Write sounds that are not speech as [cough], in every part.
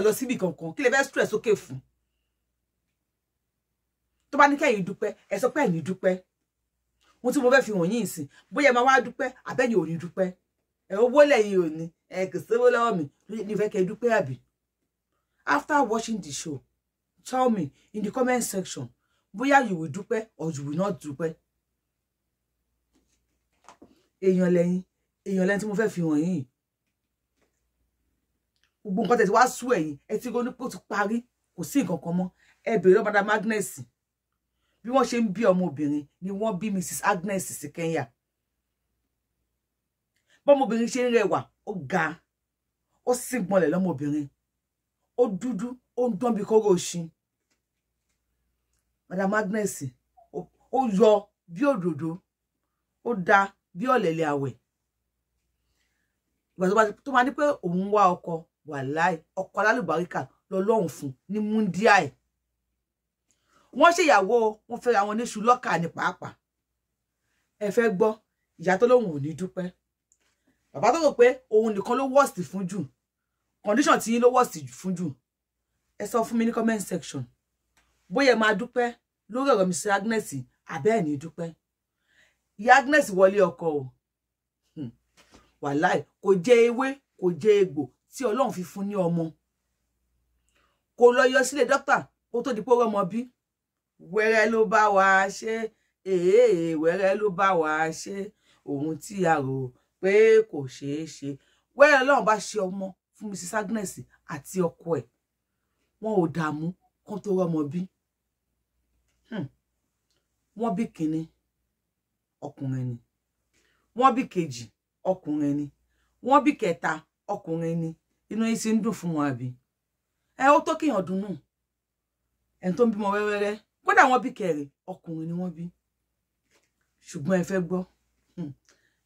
ẹ̀ lọ síbi kankan kí lè fẹ́ stress sókè fún tó bá ní kẹ́yìn dúpẹ́ ẹ sọ pé ẹ̀yìn dúpẹ́ ohun tí mo fẹ́ fi wọ̀nyí ìsìn bóyá máa wá dúpẹ́ àbẹ́yìn ò ní dúpẹ́ ẹ̀ owó lẹ́yìn ò ní ẹ̀ kì í sówó lọ́wọ́ mi ní ìfẹ́ kẹ́ dúpẹ́ àbí. after watching the show tell me in the comment section bóyá you will dúpẹ́ or you will not dúpẹ́. èèyàn lẹ́yìn èèyàn lẹ́yìn tí mo fẹ́ fi wọ̀nyí gbogbo nǹkan tẹ̀sí wá sú ẹ̀yìn ẹ ti ronú pé ó ti parí kò sí nǹkan kan mọ́ ẹ bèrè lọ́ọ́ madam Agnes bí wọ́n ṣe ń bí ọmọbìnrin ni wọ́n bí Mrs Agnes sí Kenya bọ́mọbìnrin ṣe ń rẹwà ó ga ó sìngbọnlẹ̀ lọ́mọbìnrin ó dúdú ó ń dán bí kóró òṣin madam Agnes ó yọ bí òdòdó ó da bí ọ̀lẹ̀lẹ̀ àwẹ̀ ìgbà tó bá ní pé òun wá ọkọ wàláì ọkọ alálùbáríkà lọ́lọ́run fún ní múndíà ẹ̀ wọ́n ṣèyàwó wọ́n fẹ́ra wọn ní ṣùlọ́kà ní pàápàá ẹ fẹ́ gbọ́ ìyá tó lóun ò ní dúpẹ́ bàbá tó rò pé òun nìkan ló wọ́ọ̀sì fún jù condition tí yín ló wọ́ọ̀sì fún jù ẹ sọ fún mi ní comment section bóyá máa dúpẹ́ lórí ọ̀rọ̀ mi sí Agnes àbẹ́ ẹ̀ ní dúpẹ́ ìyá Agnes wọlé ọkọ o hmm, wàláì kò jẹ ewé kò jẹ egbò tí Ọlọ́run fi fún ní ọmọ kò lọ yọ sílé dókítà kó tó di pé ọmọ bí wẹ́rẹ́ ló bá wa ṣe èèè eh, wẹ́rẹ́ ló bá wa ṣe ohun tí a rò pé kò ṣeé ṣe wẹ́rẹ́ Ọlọ́run bá ṣe ọmọ fún Mrs Agnes àti ọkọ ẹ̀ wọn ò dààmú kó tó rọ́mọ bí hmm. wọ́n bí kínní ọkùnrin ni wọ́n bí kejì ọkùnrin ni wọ́n bí kẹta ọkùnrin ni inú yín sì ń dùn fún wọn àbí ẹ ó tó kéèyàn dùnnú ẹni tó ń bímọ wẹ́wẹ́rẹ́ kódà wọ́n bí kẹrì ọkùnrin ni wọ́n bí ṣùgbọ́n ẹ fẹ́ gbọ́ hmm.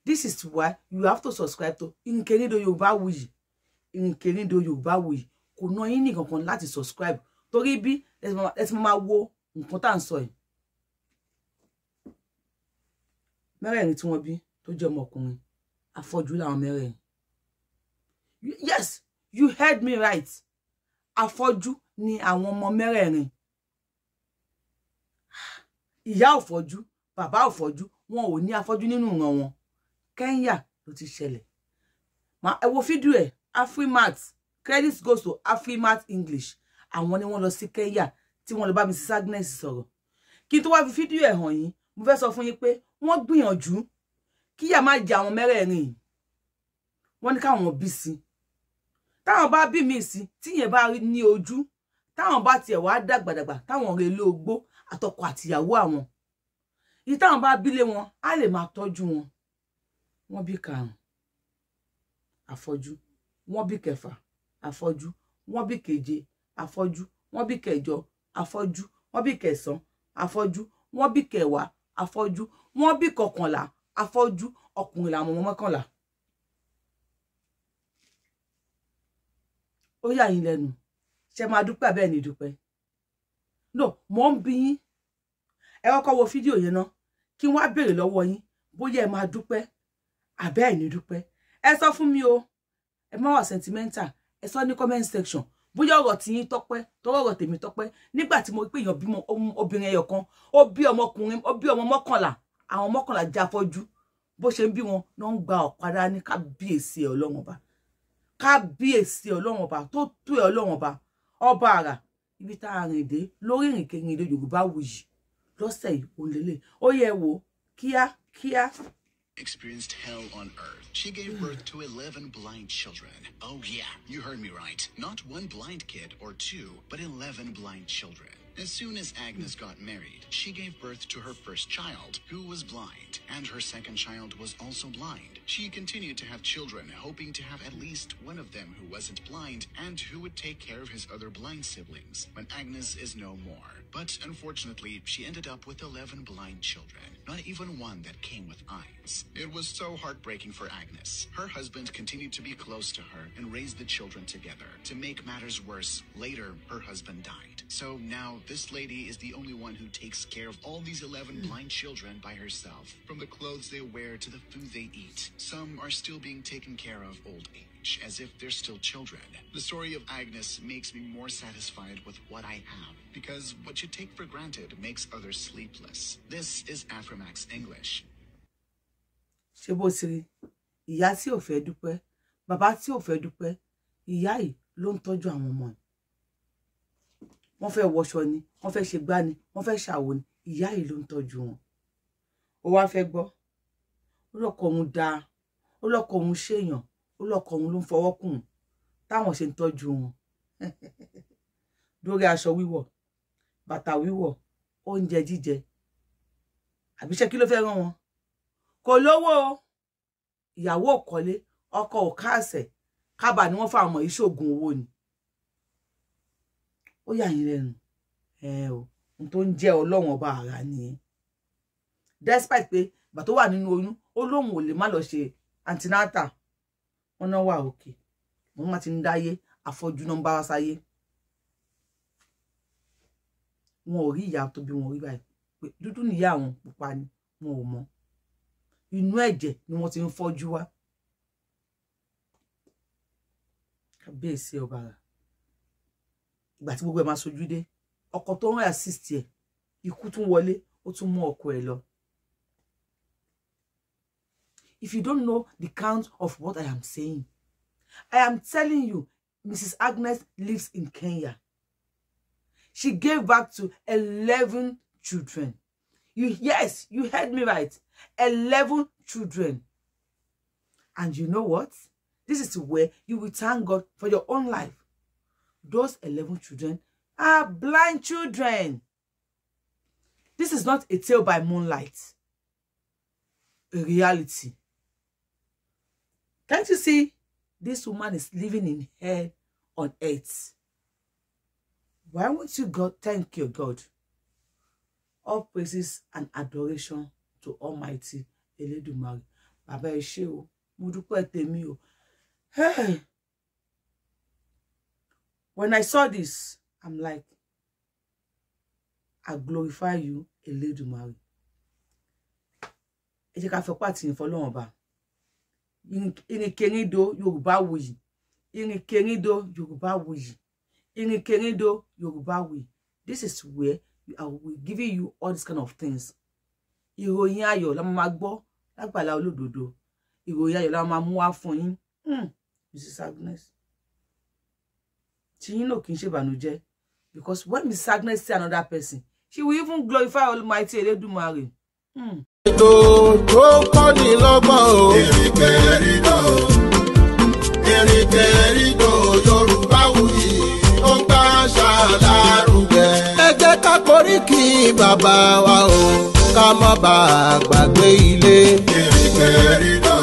this is why you have to subscribe to Nkeredo Yorubawuyi Nkeredo Yorubawuyi kò ná yín nìkankan láti subscribe torí bí ẹ ti máa wo nǹkan tá à ń sọ yìí mẹ́rẹ̀ẹ̀rin tí wọ́n bí tó jẹ́ ọmọkùnrin afọ́jú làwọn mẹ́rẹ̀ẹ̀rin yes you heard me right afọ́jú ni àwọn ọmọ mẹ́rẹ̀ẹ̀rin ìyá òfọ́jú bàbá òfọ́jú wọn ò ní afọ́jú nínú ìran wọn Kenya ló ti ṣẹlẹ̀ ẹ wo fídíò ẹ̀ Afrimat credit goes to Afrimat English àwọn ni wọ́n lọ sí Kenya tí wọ́n lọ bá Mrs Agnes sọ̀rọ̀ kí n tó wá fi fídíò ẹ̀ hàn yín mo fẹ́ sọ fún yín pé wọ́n gbìyànjú Ki ya ma àwọn mẹ́rẹ̀ẹ̀rin yìí wọ́n ní káwọn bí sí táwọn bá bí mi sí tíyẹn bá ní ojú táwọn bá tiẹ̀ wá dàgbàdàgbà táwọn rè lóògbó àtọkọ àtìyàwó àwọn yìí táwọn bá bílé wọn á lè máa tọ́jú wọn wọ́n bí karùn-ún àfọ́jú wọ́n bí kẹfà àfọ́jú wọ́n bí keje àfọ́jú wọ́n bí kẹjọ àfọ́jú wọ́n bí kẹsàn-án àfọ́jú wọ́n bí kẹwàá àfọ́jú wọ́n bí kọkànlá àfọ́jú ọkùnrin làwọn ọmọ mọ́kànlá ó yà yín lẹ́nu ṣe máa dúpẹ́ bẹ́ẹ̀ ni dúpẹ́ no mò ń bi yín ẹ kọ́kọ́ wo fídíò yẹn náà kí wọ́n á béèrè lọ́wọ́ yín bóyá ẹ máa dúpẹ́ àbẹ́ ẹ̀ dúpẹ́ ẹ sọ fún mi o ẹ má wà sentimental ẹ sọ ní comment section bóyá ọ̀rọ̀ tí yín tọ́pẹ́ tọ́rọ̀ ọ̀rọ̀ tèmi tọ́pẹ́ nígbà tí mo pé èèyàn bímọ obìnrin ẹyọ kan ó bí ọmọkùnrin ó bí ọmọ mọ́kànlá àwọn mọ́kànlá jáfọ́jú bó ṣe ń bí wọn náà ń gba ọ̀padà ní kábíyèsí ọlọ́run ọba ọba tó ọba ọba àrà ibi tá rìn dé lórí yorùbá wuyì lélẹ̀ ó yẹ wò kíá kíá. experienced hell on earth. She gave birth to 11 blind children. Oh, yeah, you heard me right. Not one blind kid or two, but 11 blind children. As soon as Agnes got married, she gave birth to her first child, who was blind, and her second child was also blind. She continued to have children, hoping to have at least one of them who wasn't blind and who would take care of his other blind siblings when Agnes is no more. But unfortunately, she ended up with 11 blind children, not even one that came with eyes. It was so heartbreaking for Agnes. Her husband continued to be close to her and raised the children together. To make matters worse, later her husband died. So now this lady is the only one who takes care of all these 11 hmm. blind children by herself, from the clothes they wear to the food they eat. Some are still being taken care of old age, as if they're still children. The story of Agnes makes me more satisfied with what I have, because what you take for granted makes others sleepless. This is Aframax English. ṣé bó ṣe rí ìyá tí ò fẹ́ dúpẹ́ bàbá tí ò dúpẹ́ ìyá yìí ló ń tọ́jú àwọn ọmọ yìí wọ́n fẹ́ wọṣọ ni wọ́n fẹ́ ṣe gbá ni wọ́n fẹ́ ṣàwo ni ìyá yìí ló ń tọ́jú wọn ó wá fẹ́ gbọ́ ó lọ́kọ òun dáa ó lọ́kọ òun ṣèyàn ó lọ́kọ òun ló ń fọwọ́ kùn táwọn ṣe ń tọ́jú wọn dórí [laughs] aṣọ wíwọ̀ bàtà wíwọ̀ oúnjẹ jíjẹ àbíṣẹ́ kí ló fẹ́ rán wọn kò lówó ìyàwó òkọ́lé ọkọ òkáàsẹ̀ kábà ni wọ́n fáwọn ọmọ yìí owó ni ó yà yín lẹ́nu ẹ o n tó ń jẹ́ ọlọ́wọ́n ọba ara nìyẹn despite pé ìgbà tó wà nínú oyún ó lóun ò lè má lọ ṣe antinata wọn náà wà òkè wọn má ti ń dáyé àfọ́jú náà ń bá wa sáyé wọn ò rí ìyá tó bí wọn rí báyìí dúdú nìyá àwọn pupa ni wọn ò mọ inú ẹ̀jẹ̀ ni wọ́n ti ń fọ́jú wá kábíyèsí ọba rà ìgbà tí gbogbo ẹ̀ máa sojú dé ọkọ tó ń rà assist ẹ̀ ikú tún wọlé ó tún mú ọkọ ẹ̀ lọ if you don't know the count of what I am saying. I am telling you, Mrs. Agnes lives in Kenya. She gave back to 11 children. You, yes, you heard me right. 11 children. And you know what? This is where you will thank God for your own life. Those 11 children are blind children. This is not a tale by moonlight. A reality. Can't you see? This woman is living in hell on earth. Why won't you God thank your God? All praises and adoration to Almighty Elédùmarè. Bàbá ẹ ṣé o, mo dúpẹ́ Hey! When I saw this, I'm like, I glorify you, Elédùmarè. Ẹ jẹ́ ká fẹ́ pàtìyìn fọlọ́wọ́n bá ìrìnkèrindò Yorùbáwùyí ìrìnkèrindò Yorùbáwùyí ìrìnkèrindò Yorùbáwùyí this is where I will giving you all these kind of things ìròyìn ayọ̀ la máa gbọ́ lágbàlá olódodo ìròyìn ayọ̀ la máa mú wá fún yín Mrs hmm, Agnes tiyín náà kì í ṣèbànújẹ́ because when Mrs Agnes see another person she will even glorify Almighty Elédùmarè. Mm ètò tó kọ́ni lọ́gbọ́n o. èrìkè rídò èrìkè rídò yorùbá wuyì ó gbà ṣàlàrúgẹ. ẹ jẹ́ ká koríki bàbá wa o ká má bàa gbàgbé ilé. èrìkè rídò.